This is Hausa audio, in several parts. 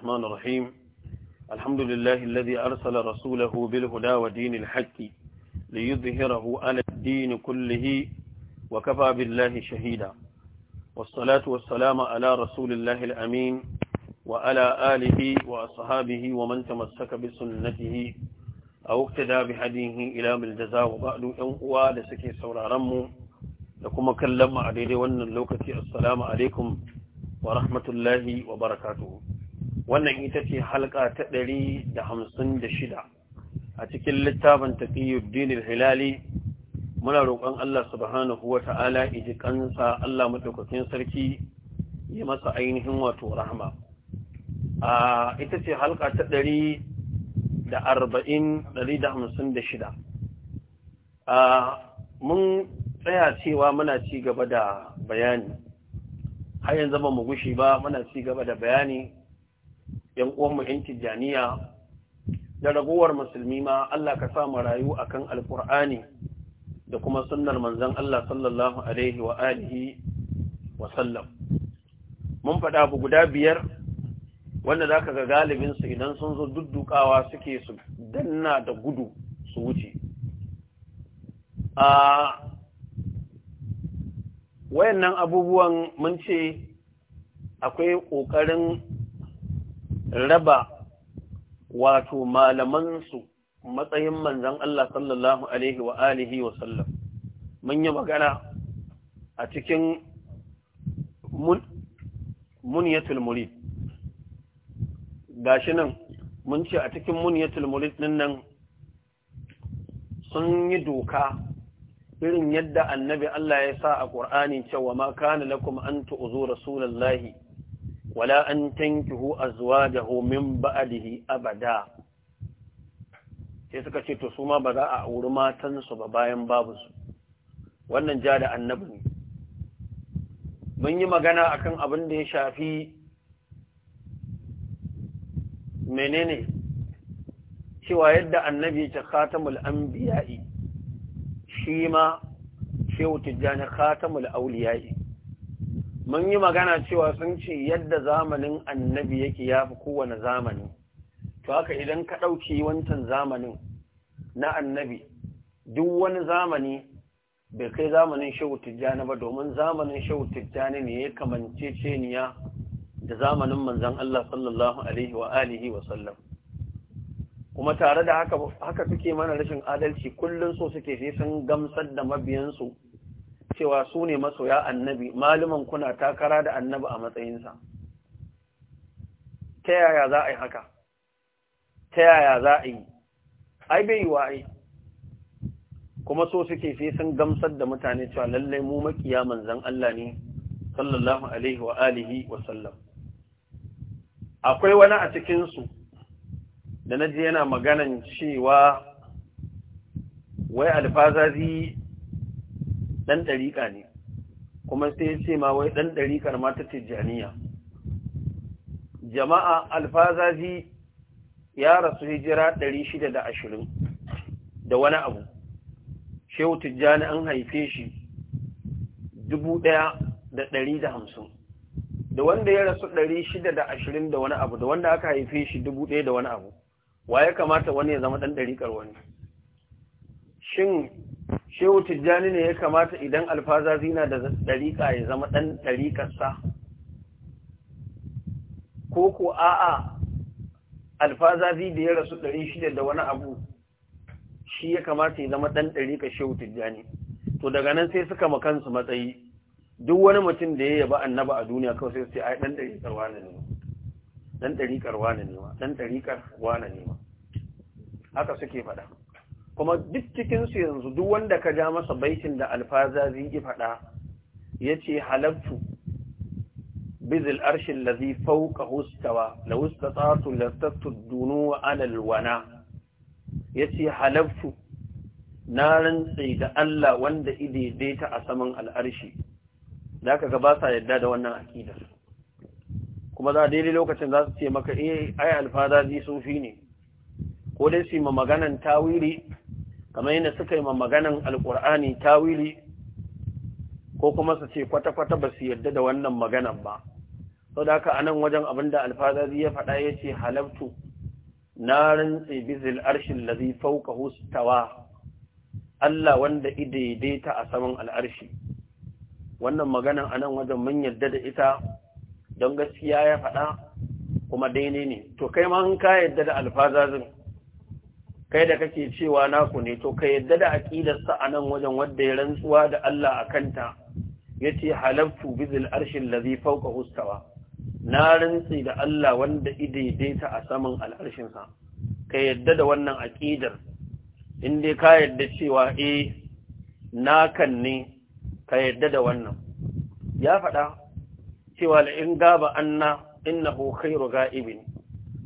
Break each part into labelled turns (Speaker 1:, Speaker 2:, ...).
Speaker 1: الرحمن الرحيم الحمد لله الذي أرسل رسوله بالهدى ودين الحق ليظهره على الدين كله وكفى بالله شهيدا والصلاة والسلام على رسول الله الأمين وعلى آله وأصحابه ومن تمسك بسنته أو اقتدى بهديه إلى بالجزاء وبعد أنقوى سكي سورة رمو لكم كلم عليه ون السلام عليكم ورحمة الله وبركاته wannan ita ce halka ta ɗari da hamsin da shida a cikin littafin taqiyuddin hilali muna roƙon Allah subhanahu ta'ala iji kansa Allah madaukakin sarki ya masa ainihin wato rahama a ita ce halka ta ɗari da arba'in ɗari da hamsin da shida a mun tsaya cewa muna ci gaba da bayani har yanzu ba mu gushi ba muna ci gaba da bayani ‘yan uwanmu ‘yan tijjaniya da ragowar musulmi ma Allah ka sa marayu a kan alƙur'ani da kuma sunnar manzan Allah sallallahu Alaihi wa alihi wa sallam. Mun faɗa abu guda biyar wanda za ka ga galibinsu idan sun zo duddukawa suke su danna da gudu su wuce. A wayannan abubuwan mun ce akwai ƙoƙarin raba wato malamansu matsayin manzan Allah sallallahu Alaihi wa alihi wa sallam. Mun yi magana a cikin muniyatul murid. Gashi nan, mun ce a cikin muniyatul murid ɗin nan sun yi doka irin yadda annabi Allah ya sa a ƙur'ani cewa ma kana lakum an tu'uzu rasulallahi wala an tankihu azwajahu min ba'dihi abada sai suka ce to su ma ba za a auri matansu ba bayan babu su wannan ja da annabi ne mun yi magana akan abin da ya shafi menene cewa yadda annabi ya khatamul anbiya'i shi ma shehu tijjani khatamul auliya'i mun yi magana cewa sun ce yadda zamanin annabi yake ya fi kowane zamani to haka idan ka ɗauki wancan zamanin na annabi duk wani zamani bai kai zamanin shehu tijjani ba domin zamanin shehu tijjani ne ya kamance niya da zamanin manzan Allah sallallahu alaihi wa alihi wa kuma tare da haka suke mana rashin adalci kullum so suke sai sun gamsar da mabiyansu cewa su ne masoya annabi maluman kuna takara da annabi a matsayinsa ta yaya za a yi haka ta yaya za a yi ai bai yi wa ai kuma so suke sai sun gamsar da mutane cewa lallai mu makiya manzan Allah ne sallallahu alaihi wa alihi wa sallam akwai wani a cikin su da naji yana maganan cewa wai alfazazi ɗan ɗariƙa ne kuma sai ya ce ma wai ɗan ɗariƙar mata tijjaniya jama'a alfazazi ya rasu hijira ɗari shida da ashirin da wani abu shehu tijjani an haife shi dubu ɗaya da ɗari da hamsin da wanda ya rasu ɗari shida da ashirin da wani abu da wanda aka haife shi dubu ɗaya da wani abu wa ya kamata wani ya zama ɗan ɗariƙar wani shin shehu tijjani ne ya kamata idan alfaza zina da ɗariƙa ya zama ɗan ɗariƙarsa ko ko a'a alfaza da ya rasu ɗari shida da wani abu shi ya kamata ya zama ɗan ɗariƙa shehu tijjani to daga nan sai suka makansu matsayi duk wani mutum da ya yaba annaba a duniya kawai sai su ce ai ɗan ɗariƙar wane ne ɗan ɗariƙar wane ne ma ɗan ɗariƙar wane ne ma haka suke faɗa kuma duk cikinsu yanzu duk wanda ka ja masa baitin da alfaza zai faɗa ya ce halabtu bizil arshin lazi fauka hustawa la hustatatu lastattu dunu wa alalwana ya ce halabtu na rantsi da Allah wanda ta a saman al'arshi da aka ba sa yadda da wannan akidar kuma za daidai lokacin za su ce maka eh ai alfaza zai sufi ne ko dai su yi ma maganan tawiri kamar yadda suka yi maganan alkur'ani tawili ko kuma su ce kwata-kwata ba su yarda da wannan maganan ba sau da aka anan wajen abinda alfazazi ya faɗa ya ce halabtu na rantse bizil arshin lazi fauka hustawa Allah wanda idaidaita a saman al'arshi wannan maganan anan wajen mun yarda da ita don gaskiya ya faɗa kuma daidai ne to kai ma in ka yarda da alfazazin kai da kake cewa naku ne to ka yadda da aqidarsa a nan wajen wanda ya rantsuwa da Allah a kanta yace halaftu bizil arshil ladhi fawqa ustawa na rantsi da Allah wanda idaidaita a saman al'arshin sa ka yadda da wannan aqidar in dai ka yadda cewa eh nakan ne ka yadda da wannan ya faɗa cewa la in gaba anna innahu khairu ga'ibin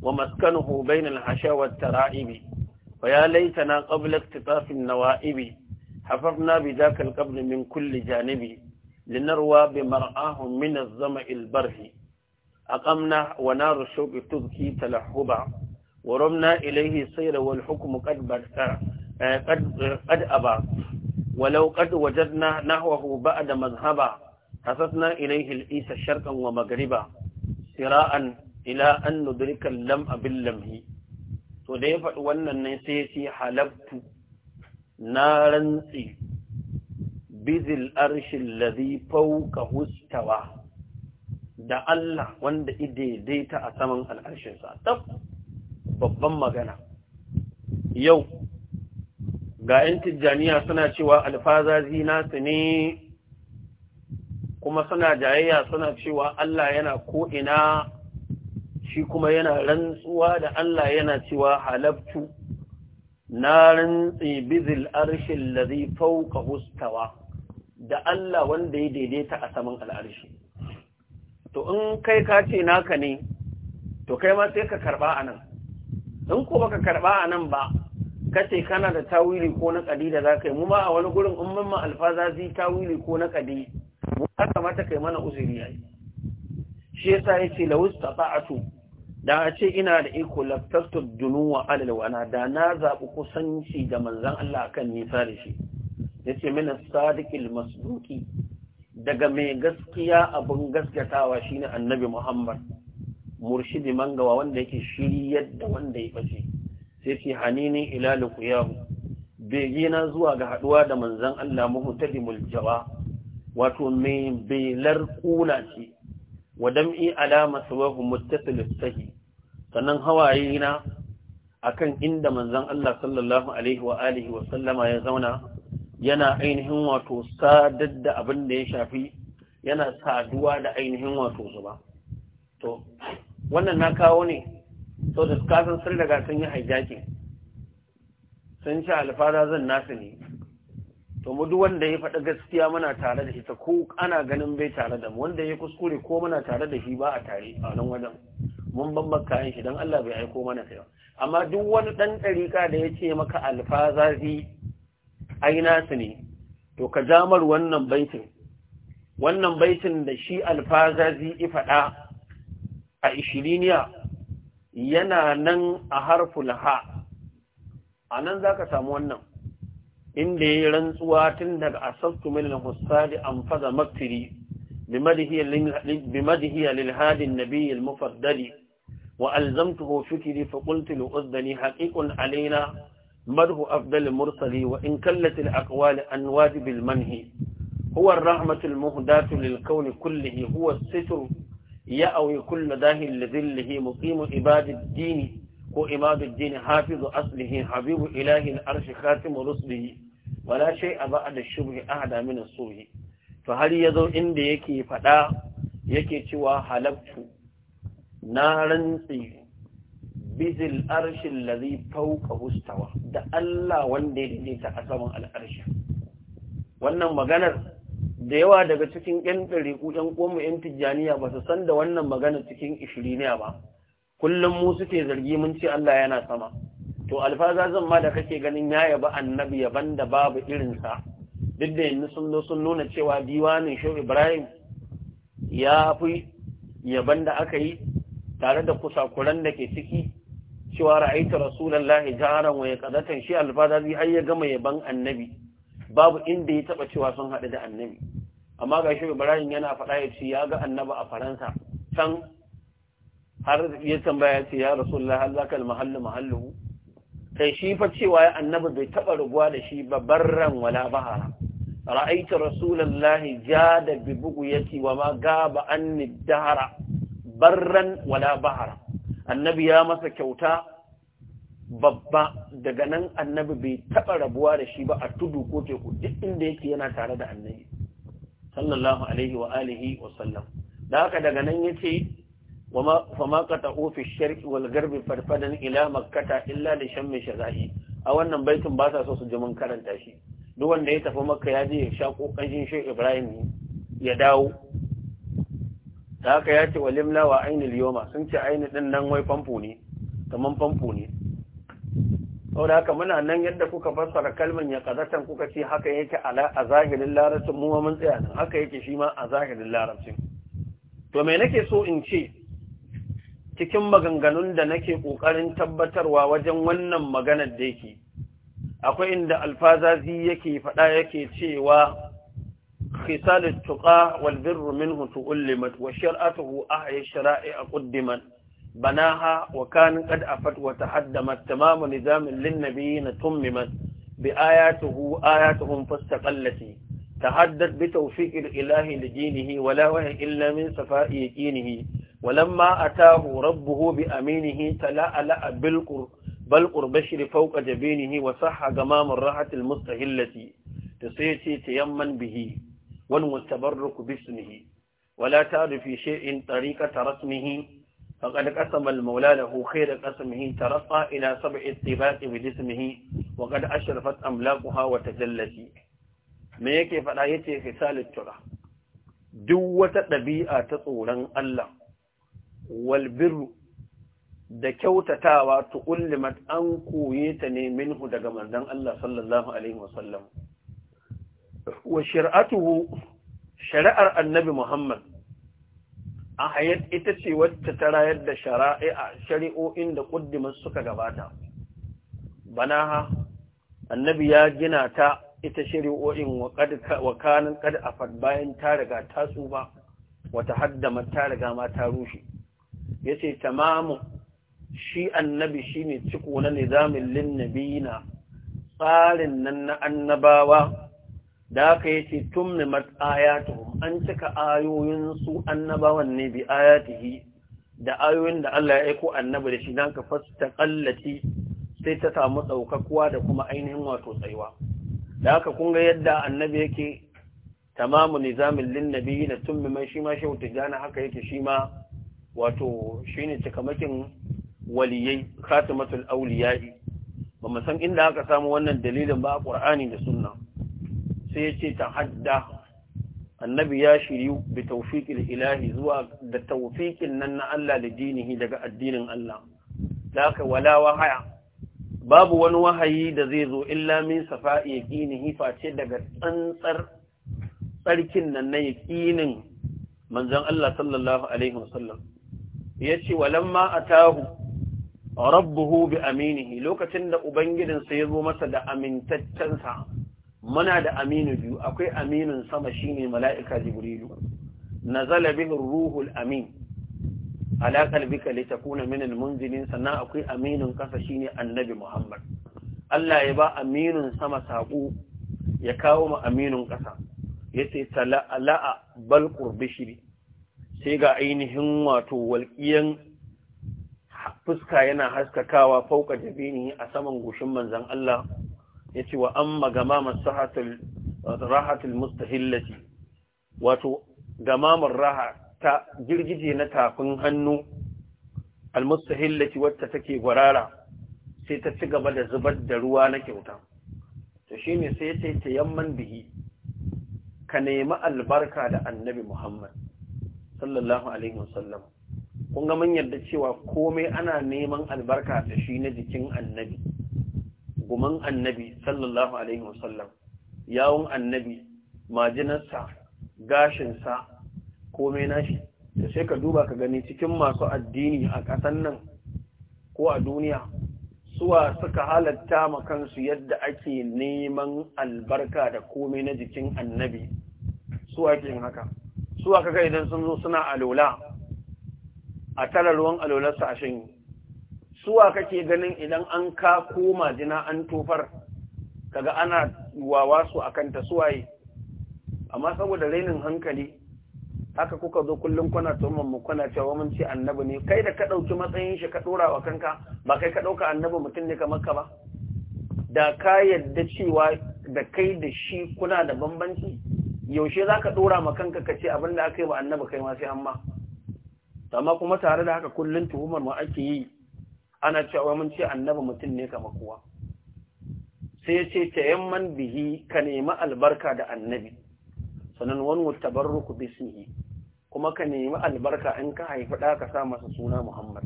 Speaker 1: wa maskanuhu bainal hasha wat tara'ibi ويا ليتنا قبل اقتطاف النوائب حفظنا بذاك القبر من كل جانب لنروى بمرآه من الظمأ البره أقمنا ونار الشوق تبكي تلهبا ورمنا إليه صير والحكم قد بدأ قد, قد أبى ولو قد وجدنا نحوه بعد مذهبا حفظنا إليه الإيس شرقا ومغربا سراء إلى أن ندرك اللمع باللمه to da ya faɗi wannan ne sai ce halabtu na rantsi bizil arshin lazi fauka hustawa da Allah wanda ta a saman al'arshinsa tab babban magana yau ga ‘yan tijjaniya suna cewa alfazazi nasu ne kuma suna jayayya suna cewa Allah yana ko'ina shi kuma yana rantsuwa da Allah yana cewa halabtu na rantsi bizil arshin lazi fauka hustawa da Allah wanda ya daidaita a saman al'arshi to in kai ka ce naka ne to kai ma sai ka karɓa a nan in ko baka karɓa a nan ba kace kana da tawili ko na ƙadi da za ka yi mu ma a wani gurin in mun ma zai tawili ko na ƙadi, mu kamata kai mana uzuri yi. shi yasa yace lawus tata'atu da a ce ina da iko laftartar dunuwa alal wana da na zaɓi kusanci da manzan Allah kan nisa da shi ya ce mina sadiqil masduki daga mai gaskiya abin gaskatawa shine annabi muhammad murshidi mangawa wanda yake shiri yadda wanda ya bace sai ce hanini ila bege na zuwa ga haɗuwa da manzan Allah muhtadimul muljawa wato mai belar kuna ce wa dam'i ala maswahu muttasil sahi sannan hawaye na akan inda manzon Allah sallallahu alaihi wa alihi wa sallama ya zauna yana ainihin wato sadar da abin da ya shafi yana saduwa da ainihin wato zuba to wannan na kawo ne to da kasan sun daga sun yi hajjaki sun ci alfada zan nasu ne to mu duk wanda ya faɗa gaskiya muna tare da ita ko ana ganin bai tare da mu wanda ya kuskure ko muna tare da shi ba a tare a nan wajen mun bambar kayan shi dan Allah bai aiko mana sai amma duk wani dan ɗarika da ya ce maka alfazazi ai nasu ne to ka jamar wannan baitin wannan baitin da shi alfazazi faɗa, a ishiriniya yana nan a harful ha a nan za ka samu wannan inda ya rantsuwa tun daga asabtu min al-musali an fada maktiri بمدهي للهادي النبي المفضل وألزمته فكري فقلت لأذني حقيق علينا مره أفضل مرسلي وإن كلت الأقوال عن واجب المنهي هو الرحمة المهداة للكون كله هو الستر يأوي كل داهي لذله مقيم عباد الدين ko imaduddin hafizu aslihi habibu ilahin arshi khatimu ruslihi wala shay a ba'a da shubhi ahada min as-suhi to har yazo inda yake fada yake cewa halabtu na rantsi bizil arshi allazi fawqa hustawa da Allah wanda ya ta asaman saman al'arshi wannan maganar da yawa daga cikin 'yan ɗariƙu 'yan ƙomu 'yan tijjaniya ba su san da wannan magana cikin ishiriniya ba kullum mu suke zargi mun ce Allah yana sama to alfaza zan ma da kake ganin ya yaba annabi yaban da babu irinsa duk da yanzu sun zo sun nuna cewa diwanin shehu ibrahim ya fi yaban da aka yi tare da kusakuran da ke ciki cewa ra'aita rasulullahi jaran wa yaqadatan shi alfaza zai har ya gama yaban annabi babu inda ya taba cewa sun hadu da annabi amma ga shehu ibrahim yana faɗa ya ce ya ga annabi a faransa can har ya tambaya ce ya rasulullah halaka almahallu mahalluhu kai shi fa cewa ya annabi bai taba rubuwa da shi ba barran wala bahara ra'aytu rasulullahi jada bi bughyati wa ma gaba anni dahara barran wala bahara annabi ya masa kyauta babba daga nan annabi bai taɓa rabuwa da shi ba a tudu ko teku duk inda yake yana tare da annabi sallallahu alaihi wa alihi wa sallam da haka daga nan yace فما قطعوا في farfadan والغرب فرفدا illa da shan لشم شغائي a wannan baitin ba sa so su ji karanta shi duk wanda ya tafi makka ya je ya sha kokarin shi Ibrahim ya dawo da haka ya ce walimla wa ainul yoma sun ce aini din nan wai famfo ne kaman famfo ne saboda haka muna nan yadda kuka fassara kalman ya kazatan kuka ce haka yake ala a zahirin larabcin mu mun tsaya nan haka yake shi ma a zahirin larabcin to me nake so in ce cikin maganganun da nake ƙoƙarin tabbatarwa wajen wannan maganar da yake akwai inda alfazazi yake faɗa yake cewa khisalut tuqa wal birru minhu tu'limat wa shar'atuhu ahya shara'i'a quddimat banaha wa kan qad afat wa tahaddamat tamamu nizamin lin nabiyina tummimat bi ayatihi ayatuhum fastaqallati tahaddat bi tawfiqil ilahi li dinihi wa la wahya illa min safa'i yaqinihi ولما أتاه ربه بأمينه تلألأ بالقر بالقر بشر فوق جبينه وصح جمام الراحة المستهلة تسيتي تيمن به والمستبرك باسمه ولا تعرف في شيء طريقة رسمه فقد قسم المولى له خير قسمه ترقى إلى سبع اتباق بجسمه وقد أشرفت أملاكها وتجلت ما يكفي فلا يتي خسال الترى دوة ɗabi'a ta الله Walbiru da kyautatawa tu ullimat an koye ta ne minhu daga manzon Allah sallallahu alaihi wasallam wa shir'atuhu shari'ar annabi Muhammad a hayat ita ce wacce ta rayar da shari'a shari'o'in da kuddimar suka gabata ha annabi ya gina ta ita shari'o'in wa kanin afad bayan ta riga ta tsuba wata haddama ta riga ma ta rushe yace tamamu shi annabi shi ne ciko na nizamin lin nabiyina tsarin nan na annabawa da aka yace tummi mat ayatuhum an cika ayoyin su annabawan ne bi ayatihi da ayoyin da Allah ya aiko annabi da shi dan ka fastaqallati sai ta samu ɗaukakuwa da kuma ainihin wato tsaiwa da haka kun ga yadda annabi yake tamamu nizamin lin nabiyina tummi man shi ma shehu haka yake shi ma wato shine cikamakin waliyai khatimatul auliya'i ba mu san inda aka samu wannan dalilin ba a Ƙur'ani da sunna sai yace hadda annabi ya shiryu bi tawfiqil ilahi zuwa da tawfiqin nan na Allah da dinihi daga addinin Allah laka wala wahaya babu wani wahayi da zai zo illa min safa'i yaqinihi face daga tsantsar tsarkin nan na yaqinin manzon Allah sallallahu alaihi wasallam ya ce walamma a tahu rabbuhu bi aminihi lokacin da ubangidinsa ya zo masa da amintaccensa muna da aminu biyu akwai aminin sama shine mala'ika jibrilu nazala bihi ruhul amin ala qalbika litakuna min almunzilin sannan akwai aminin kasa shine annabi muhammad Allah ya ba aminin sama saƙo ya kawo ma aminin ƙasa ya ce tala'a bal ƙurbishiri sai ga ainihin wato walƙiyan fuska yana haskakawa fauka jabini a saman gushin manzan Allah ya ce wa an magama masu rahatul mustahillaci wato gamamar raha ta girgije na tafin hannu almustahillati wacce take gwarara sai ta ci gaba da zubar da ruwa na kyauta to shine sai ya ce yamman bihi ka nemi albarka da annabi Muhammad sallallahu alaihi wasallam kun ga mun yadda cewa komai ana neman albarka da shi na jikin annabi guman annabi sallallahu alaihi wasallam yawon annabi majinarsa gashinsa komai nashi da sai ka duba ka gani cikin masu addini a ƙasan nan ko a duniya suwa suka halatta ma kansu yadda ake neman albarka da komai na jikin annabi suwa yin haka su aka ga idan sun zo suna alola a tara ruwan alolarsa a shanyi suwa kake ganin idan an ka koma jina an tofar kaga ana wawa su a kanta suwaye amma saboda rainin hankali haka kuka zo kullum kuna tuhumar mu kuna cewa mun ce annabi ne kai da ka ɗauki matsayin shi ka dora wa kanka ba kai ka ɗauka annabi mutum ne kamar ka ba da ka yadda cewa da kai da shi kuna da bambanci yaushe za ka ɗora ma kanka ka ce abin da aka yi wa annaba kai ma sai amma amma kuma tare da haka kullum tuhumar ma ake yi ana cewa mun ce annaba mutum ne kama kowa sai ta ce tayamman bihi ka nemi albarka da annabi sannan wani wata barruku bismihi kuma ka nemi albarka in ka haifi ɗa ka sa masa suna muhammad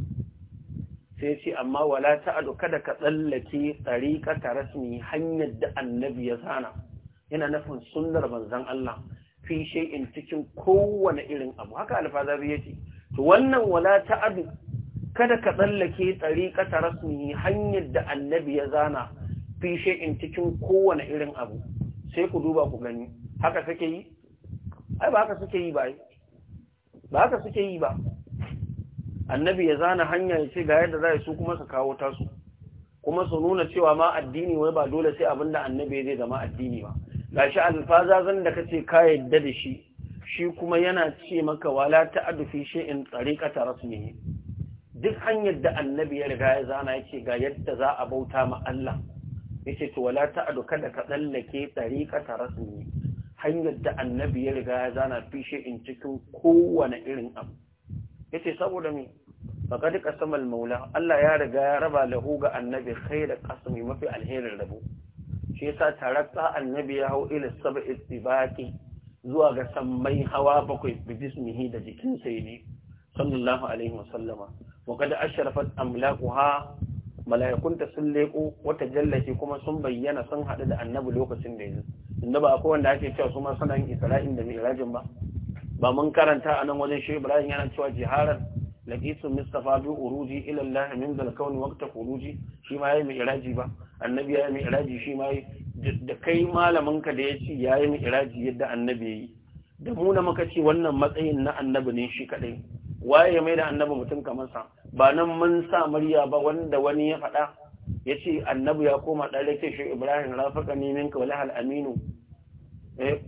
Speaker 1: sai ce amma wala ta'adu kada ka tsallake ka ta rasmi hanyar da annabi ya sana yana nufin sunnar manzon Allah fi shay'in cikin kowane irin abu haka alfazabi yace to wannan wala ta'adu kada ka tsallake tsariƙata rasmi hanyar da annabi ya zana fi shay'in cikin kowane irin abu sai ku duba ku gani haka kake yi ai ba haka suke yi ba ba haka suke yi ba annabi ya zana hanya ya ce ga yadda za su kuma su kawo tasu kuma su nuna cewa ma addini wai ba dole sai abinda annabi zai zama addini ba shi alfazazan da kace ka yadda da shi shi kuma yana ce maka wala ta'adu fi shay'in tariqata rasmihi duk hanyar da annabi ya riga ya zana yace ga yadda za a bauta ma Allah yace to wala ta'adu kada ka tsallake tariqata rasmihi hanyar da annabi ya riga ya zana fi shay'in cikin kowane irin abu yace saboda me faqad qasama al-maula Allah ya riga ya raba lahu ga annabi khayra qasmi mafi alherin rabo shi yasa tarakta annabi ya hau ila sab'i tibaqi zuwa ga sammai hawa bakwai bi jismihi da jikin sai ne sallallahu alaihi wa sallama wa kad ashrafat amlaquha malaikun ta sun leko wata jallaki kuma sun bayyana sun hadu da annabi lokacin da yanzu inda ba akwai wanda ake cewa su ma suna isra'in da mi'rajin ba ba mun karanta a nan wajen shi ibrahim yana cewa jiharan lakisu mustafa bi uruji ila allah min dal kawn waqta khuruji shi ma yayi mi'raji ba annabi ya yi mi'raji shi ma yi. da kai malaminka da ya ce ya yi mi'raji yadda annabi ya yi da mu na muka ce wannan matsayin na annabi ne shi kaɗai waye ya mai da annabi mutum kamar sa ba nan mun sa murya ba wanda wani ya faɗa ya ce annabi ya koma ɗan rake shi ibrahim rafaka ne minka hal aminu eh,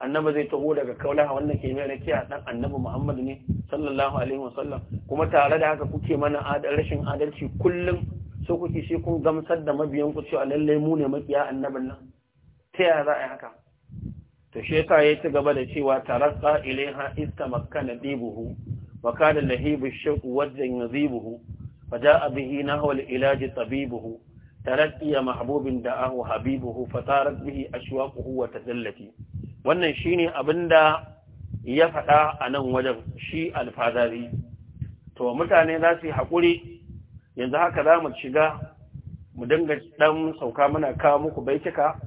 Speaker 1: annabi zai taho daga kaulaha wannan ke mai rake a ɗan annabi muhammad ne sallallahu alaihi wasallam kuma tare da haka kuke mana rashin adalci kullum so kuke shi kun gamsar da mabiyan ku cewa lallai mu ne makiya annabin nan ta yaya za a yi haka to shi ya ci gaba da cewa tarasa ilaiha istamakkana dibuhu wa da lahibu shaku wajen yazibuhu fa a bihi nahwa al-ilaj tabibuhu tarakkiya mahbubin da ahu habibuhu fa tarat bihi ashwaquhu wa tadallati wannan shine da ya faɗa a nan wajen shi alfazari to mutane za su yi haƙuri yanzu haka za mu shiga mu dinga dan sauka muna kawo muku baitika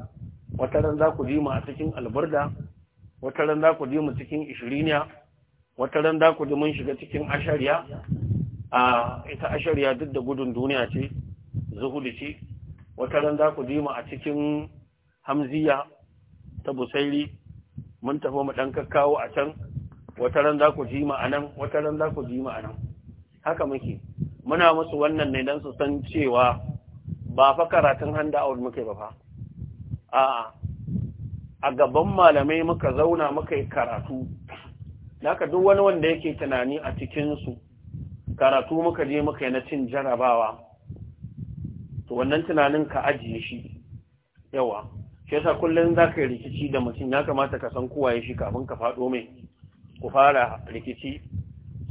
Speaker 1: wata ran za ku ji mu a cikin alburda wata ran za ku ji mu cikin ishiriniya wata ran za ku ji mun shiga cikin ashariya a ita ashariya duk da gudun duniya ce zuhudu ce wata ran za ku ji mu a cikin hamziya ta busairi mun tafi mu dan kakkawo a can wata ran za ku ji mu a nan wata ran za ku ji mu a nan haka muke muna musu wannan ne don su san cewa ba fa karatun handa out muke ba fa a'a a gaban malamai muka zauna muka yi karatu ka duk wani wanda yake tunani a cikinsu karatu muka je muka yi na cin jarabawa to wannan tunanin ka ajiye shi yawa shi yasa kullum za ka yi rikici da mutum ya kamata ka san kowa ya shi kafin ka faɗo mai ku fara rikici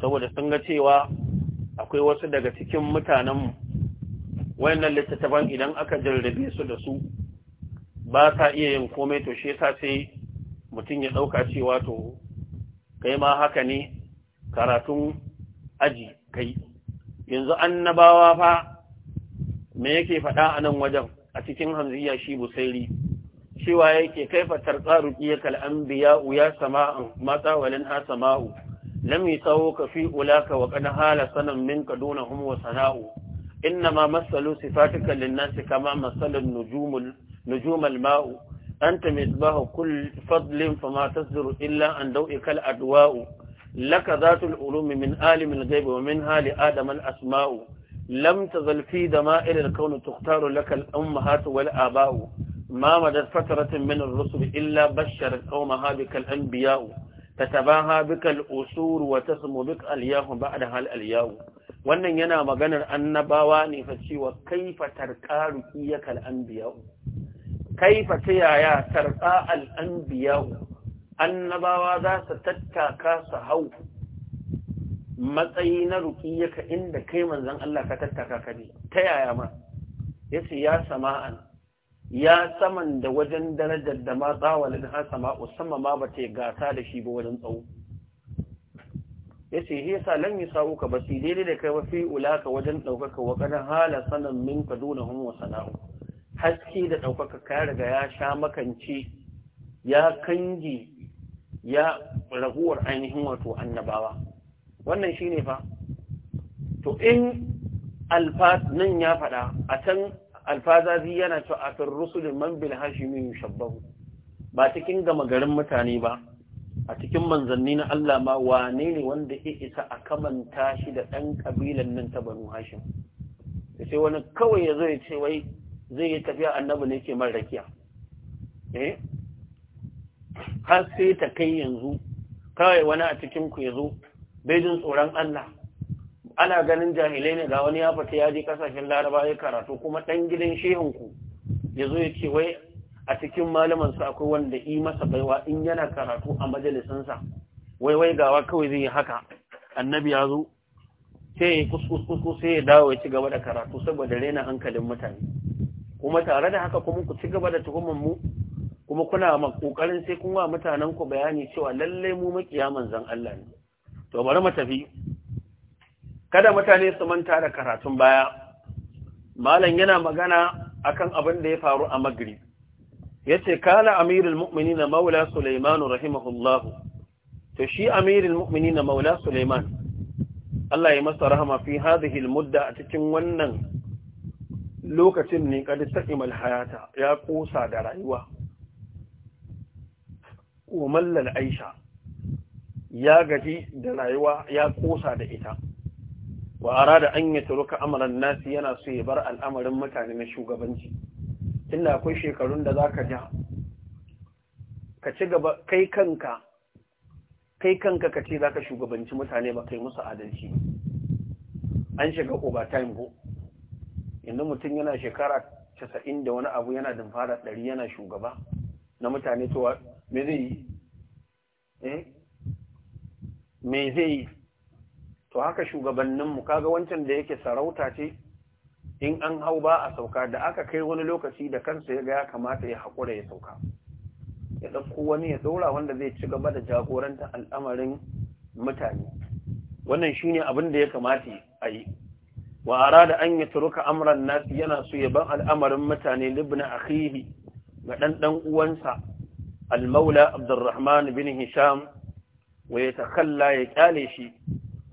Speaker 1: saboda sun ga cewa akwai wasu daga cikin mutanenmu wayannan littattafan idan aka jarrabe su da su ba sa iya yin komai to shi yasa sai mutum ya ɗauka cewa to kai ma haka ne karatun aji kai yanzu annabawa fa me yake faɗa a nan wajen a cikin hamziya shi busairi cewa yake kaifa tarqaru an biya ya sama'an mata walin ha sama'u لم يتوك في أولاك وقد هال سنم منك دونهم وسناء إنما مثلوا صفاتك للناس كما مثل النجوم نجوم الماء أنت مصباح كل فضل فما تصدر إلا عن ضوئك الأدواء لك ذات العلوم من آل من الغيب ومنها لآدم الأسماء لم تزل في دمائر الكون تختار لك الأمهات والآباء ما مدت فترة من الرسل إلا بشر قومها بك الأنبياء tatabaha bikal usur wa tasmu bikal alyahu ba'da hal alyahu wannan yana maganar annabawa ne fa cewa kaifa tarqaru kiyakal anbiya kaifa ta yaya tarqa al anbiya annabawa za su tattaka su hau matsayi na ruqiyaka inda kai manzon Allah ka tattaka ka ne ta ma yace ya sama'an ya saman da wajen darajar da ma tsawalin har sama musamman ma ba ta gasa da shi ba wajen tsawo ya ce he sa lan yi sa'u ka ba sai daidai da kai ba ula ulaka wajen ɗaukaka wa ƙanan hala sanan min ka duna hun wa sana'u haske da ɗaukaka ka riga ya sha makanci ya kangi ya raguwar ainihin wato annabawa wannan shine fa to in alfat nan ya faɗa a can alfazazi yana cewa a fil rusul man bil hashimi yushabbahu ba cikin gama garin mutane ba a cikin manzanni na Allah ma wane ne wanda ya isa a kamanta shi da ɗan ƙabilan nan ta banu hashim ya ce wani kawai ya zo ya ce wai zai yi tafiya annabi ne ke man rakiya eh har sai ta kai yanzu kawai wani a cikin ku ya zo bai jin tsoron Allah ana ganin jahilai ne ga wani ya fita ya je kasashen laraba ya karatu kuma ɗan gidan shehunku ya zo ya ce wai a cikin malaman su akwai wanda yi masa baiwa in yana karatu a majalisansa wai wai gawa kawai zai yi haka annabi ya zo sai ya kuskus sai ya dawo ya ci gaba da karatu saboda rena hankalin mutane kuma tare da haka kuma ku ci gaba da tuhumar mu kuma kuna ma kokarin sai kun wa mutanen ku bayani cewa lallai mu makiya manzon Allah ne to bari mu tafi kada mutane su manta da karatun baya malam yana magana akan abin da ya faru a magri yace kana amirul mu'minin maula sulaiman rahimahullah to shi amirul mu'minin maula sulaiman Allah ya masa rahama fi hadhihi almudda a cikin wannan lokacin ne kad saqimal hayata ya kosa da rayuwa wa mallal aisha ya gaji da rayuwa ya kosa da ita wa arada an ya turuka amalan nasi yana so ya bar al'amarin mutane na shugabanci inda akwai shekarun da zaka ja ka ci gaba kai kanka kai kanka ka ce zaka shugabanci mutane ba kai musu adalci an shiga overtime go yanzu mutum yana shekara casa'in da wani abu yana fara ɗari yana shugaba na mutane to me zai yi eh? me zai yi to haka shugabanninmu kaga wancan da yake sarauta ce in an hau ba a sauka da aka kai wani lokaci da kansa ya ga ya kamata ya haƙura ya sauka ya ɗauko wani ya ɗora wanda zai ci gaba da jagoranta al'amarin mutane wannan shine abin da ya kamata a yi wa da an ya turuka amran nasi yana so ya ban al'amarin mutane libna akhihi ga ɗan ɗan uwansa Alma'ula maula abdurrahman bin hisham wa ya takalla ya kyale shi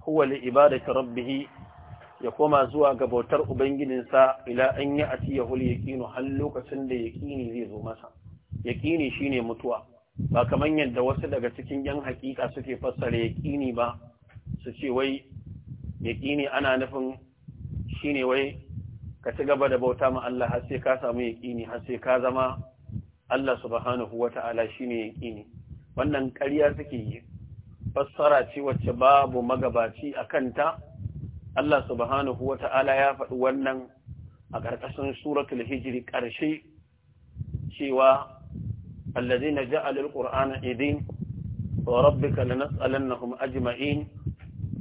Speaker 1: huwa li ibadati rabbih ya koma zuwa ga bautar ubangijinsa ila an ya atiyahu yaqinu har lokacin da yaqini zai zo masa yaqini shine mutuwa ba kaman yadda wasu daga cikin yan hakika suke fassara yaqini ba su ce wai yaqini ana nufin shine wai ka ci gaba da bauta ma Allah har sai ka samu yaqini har sai ka zama Allah subhanahu wata'ala shine yaqini wannan ƙarya suke yi fassara ce wacce babu magabaci a kanta Allah subhanahu wa ta'ala ya faɗi wannan a ƙarƙashin suratul hijiri ƙarshe cewa allazi na ja'alil ƙur'ana idin wa rabbika lanas'alannahum ajma'in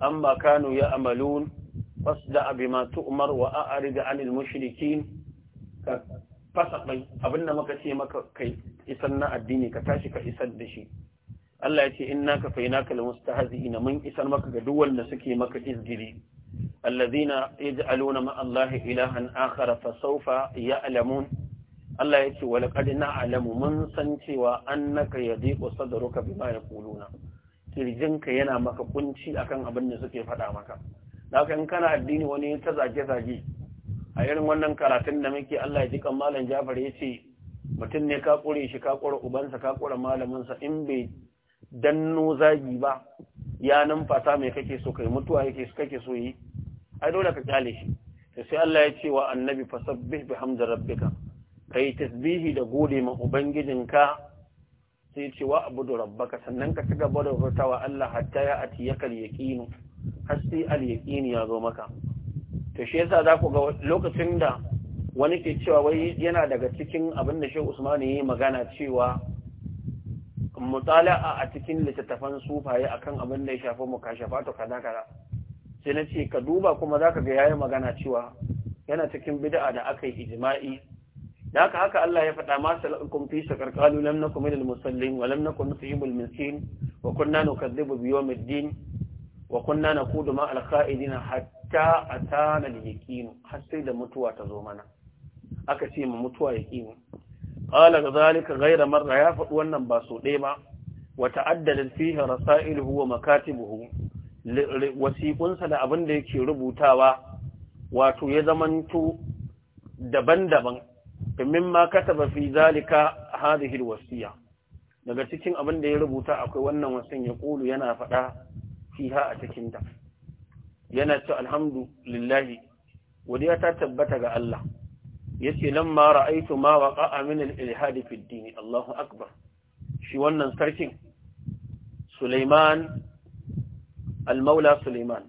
Speaker 1: amma kanu ya'malun fasda bima tu'mar wa a'rid 'anil mushrikin ka fasa abinda muka ce maka kai isan na addini ka tashi ka isar da shi Allah ya ce na ka ta lil mustahzi'ina mun isar maka ga duk wanda suke maka izgiri allazina yaj'aluna ma Allah ilahan akhar fa sawfa ya'lamun Allah ya ce walaqad na'lamu mun san cewa annaka yadiqu sadruka bima yaquluna kirjinka yana maka kunci akan abin da suke faɗa maka haka in kana addini wani ta zage-zage a irin wannan karatun da muke Allah ya ji kan malam Jafar ya ce mutum ne ka kure shi ka kure ubansa ka kure malaminsa in bai danno zagi ba ya fata mai kake so kai mutuwa yake so kake so yi ai dole ka kyale shi sai Allah ya ce wa annabi fasabbih bihamdi rabbika kai tasbihi da gode ma ubangijinka sai ce wa abudu rabbaka sannan ka ci gaba da furtawa Allah hatta ya atiyaka kal yaqin har sai al ya zo maka to shi yasa za ku ga lokacin da wani ke cewa wai yana daga cikin abin da Sheikh Usman ya yi magana cewa mutala'a a cikin littattafan sufaye akan abin da ya shafi mukashafa to kaza kaza sai na ce ka duba kuma zaka ga yayi magana cewa yana cikin bid'a da aka yi ijma'i da haka haka Allah ya faɗa ma salakum fi shakar qalu lam nakum minal musallin wa lam nakum nusibul miskin wa kunna nukadhibu bi yawmiddin wa kunna naqudu ma al qa'idina hatta atana al yaqin har sai da mutuwa ta zo mana aka ce ma mutuwa yaqin qala zalika ghayra marra ya faɗi wannan ba so ɗaya ba wa ta'addadat fihi rasailuhu wa makatibuhu wasiqunsa da abin da yake rubutawa wato ya zamanto daban-daban ma kataba fi zalika hadhihi alwasiya daga cikin abin da ya rubuta akwai wannan wasin ya kulu yana faɗa fiha a cikin ta yana ce alhamdulillahi wadiya ta tabbata ga Allah yace nan ma ra'aytu ma waqa'a min al-ilhad fi ad-din Allahu akbar shi wannan sarkin Sulaiman al-Maula Sulaiman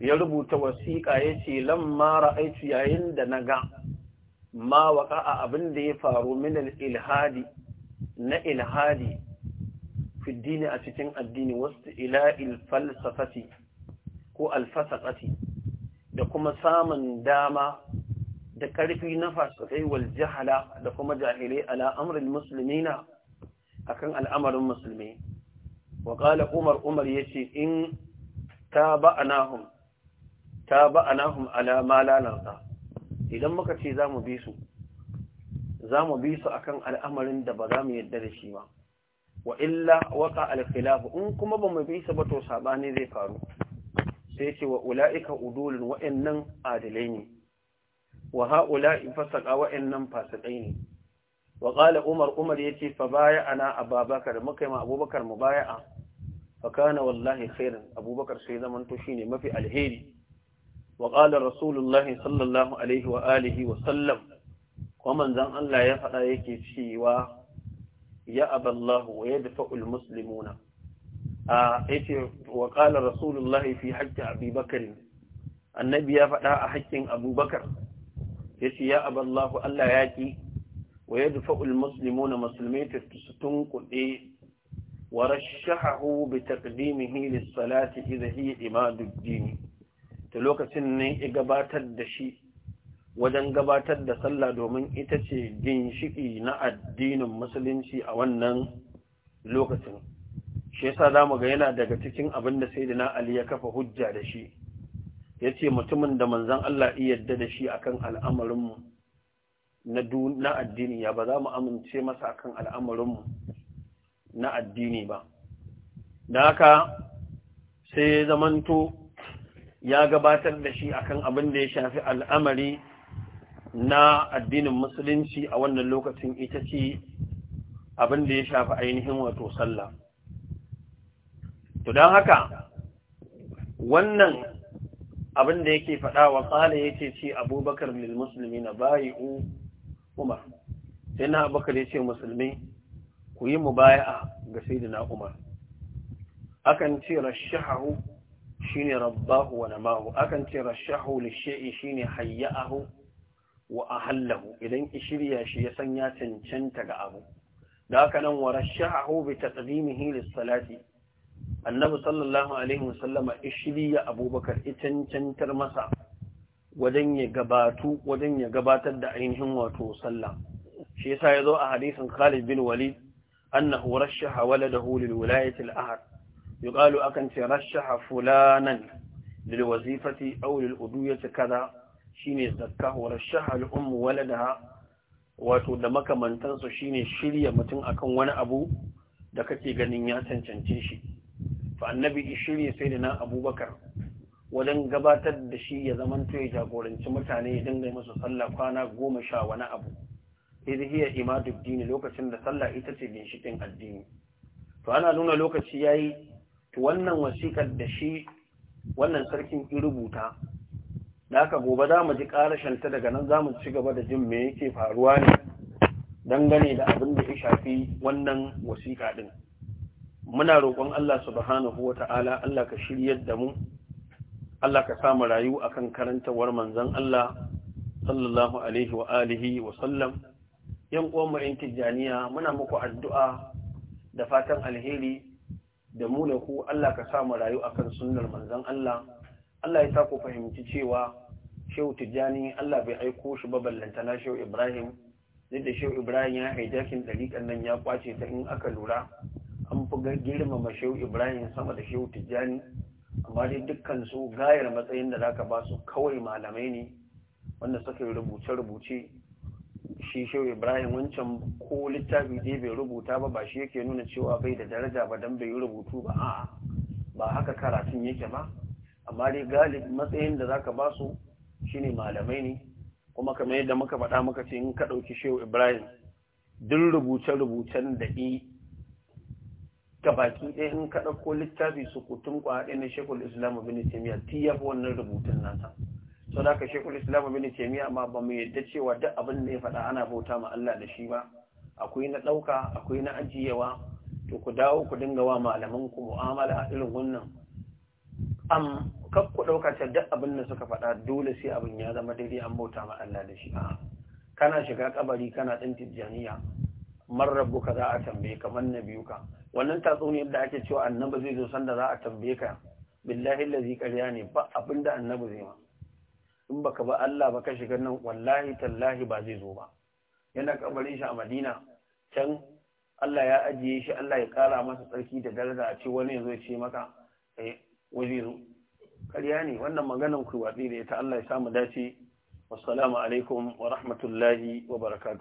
Speaker 1: ya rubuta wasiƙa yace ma ra'aytu yayin da naga ma waqa'a abin da ya faru min al-ilhad na ilhadi fi ad-din a cikin addini wasu ila al-falsafati ko al-fasaqati da kuma samun dama da ƙarfi na fasikai wal jahala da kuma jahilai ala amrin musulmina akan al'amarin musulmi wa qala umar umar yace in ta tabanahum ala ma idan muka ce zamu bi su bi su akan al'amarin da ba za mu yadda da shi ba wa illa waqa al in kuma ba mu bi su ba to sabani zai faru sai ce wa ula'ika udulun waɗannan adilai ne wa ha'ula'i fasaka nan fasikai ne wa qala umar umar ya ce fa bay'ana ababakar muka yi ma abubakar mu baya a. fa kana wallahi khairan abubakar sai zaman to shine mafi alheri wa qala rasulullahi sallallahu alaihi wa alihi wa sallam kuma manzon Allah ya faɗa yake cewa ya aballahu wa yadfa'ul muslimuna a yace wa qala rasulullahi fi hajji abubakar annabi ya faɗa a haƙƙin abubakar Ya ce ya aballahu Allah ya ki wa yadfa'ul na musulmai tun kuɗe wa rashahahu bi taqdimihi lis salati idha hiya imaduddin to lokacin ne ya gabatar da shi wajen gabatar da sallah domin ita ce ginshiki na addinin musulunci a wannan lokacin shi yasa zamu ga yana daga cikin abin da na Ali ya kafa hujja da shi ya ce mutumin da manzan Allah iya yadda da shi akan al'amarinmu na addini ya ba za mu amince masa akan al'amarinmu na addini ba. Da haka sai zamanto ya gabatar da shi akan abin da ya shafi al'amari na addinin musulunci a wannan lokacin ita ce abin da ya shafi ainihin wato sallah. To don haka wannan abin da yake faɗa wa ƙala ya ce ce abubakar lil musulmi na bayi umar sai na abubakar ya ce musulmi ku yi a ga na, umar akan ce rashahu shine rabbahu wa namahu akan ce rashahu lishai shine hayya'ahu wa ahallahu idan ishirya shi ya sanya cancanta ga abu da haka nan wa rashahu bi taqdimihi lis salati annabi sallallahu alaihi wasallama ishiriya abubakar cancantar masa wajen ya gabatu wajen ya gabatar da ainihin wato sallah shi yasa ya zo a hadisin Khalid bin Walid annahu rashaha waladahu lil wilayati al ahad yuqalu akan ce rashaha fulanan lil wazifati aw lil uduyati kaza shine zakkahu rashaha al um waladaha wato da makamantansu shine shirya mutum akan wani abu da kake ganin ya cancance shi to annabi shirye sai da na abubakar wajen gabatar da shi ya zamanto ya jagoranci mutane ya dinga masu sallah kwana goma sha wani abu idhiyar imadu dini lokacin da sallah ita ce ginshikin addini to ana nuna lokaci ya yi to wannan wasiƙar da shi wannan sarkin ki rubuta da aka gobe za mu ji ƙarashenta daga nan za mu ci gaba da jin me yake faruwa ne dangane da abin da ya shafi wannan wasiƙa ɗin muna roƙon Allah subhanahu wa ta'ala Allah ka shiryar da mu Allah ka samu rayu akan karantawar manzon Allah sallallahu alaihi wa alihi wa sallam yan uwan mu yan tijjaniya muna muku addu'a da fatan alheri da mu da ku Allah ka samu rayu akan sunnar manzon Allah Allah ya sa ku fahimci cewa Shehu Tijjani Allah bai aiko shi ba ballantana Shehu Ibrahim yadda Shehu Ibrahim ya haijakin dalikan nan ya kwace ta in aka lura an fi girma girmama shehu ibrahim sama da shehu tijjani amma dai dukkan su gayar matsayin da zaka ba su kawai malamai ne wanda suka yi rubuce-rubuce shi shehu ibrahim wancan ko littafi dai bai rubuta ba ba shi yake nuna cewa bai da daraja ba don bai yi rubutu ba a'a ba haka karatun yake ba amma dai galib matsayin da zaka ba su shine malamai ne kuma kamar yadda muka faɗa muka ce in ka ɗauki shehu ibrahim duk rubuce-rubucen da gabaki ɗaya in ka ɗauko littafi su kutun ɗaya na shekul islamu bini taimiyya ti ya fi wannan rubutun nasa sau da ka shekul islamu bini taimiyya ma ba mu yadda cewa duk abin da ya faɗa ana bauta ma Allah da shi ba akwai na ɗauka akwai na ajiyewa to ku dawo ku dinga wa malaman ku mu'amala a irin wannan am kar ku ɗauka ta duk abin da suka faɗa dole sai abin ya zama daidai an bauta ma Allah da shi a kana shiga kabari kana ɗin tijjaniya Marar rabbuka za a tambaye kamar na biyu ka. wannan tatsuniyar da ake cewa annabi zai zo sanda za a tambaye ka billahi allazi ƙarya ne ba abinda annabi zai ma in baka ba Allah ba ka shiga nan wallahi tallahi ba zai zo ba yana kabarin shi a Madina can Allah ya ajiye shi Allah ya kara masa tsarki da daraja a ce wani yazo ce maka eh zo ne wannan maganar ku watsi da ita Allah ya samu dace wassalamu alaikum wa rahmatullahi wa barakatuh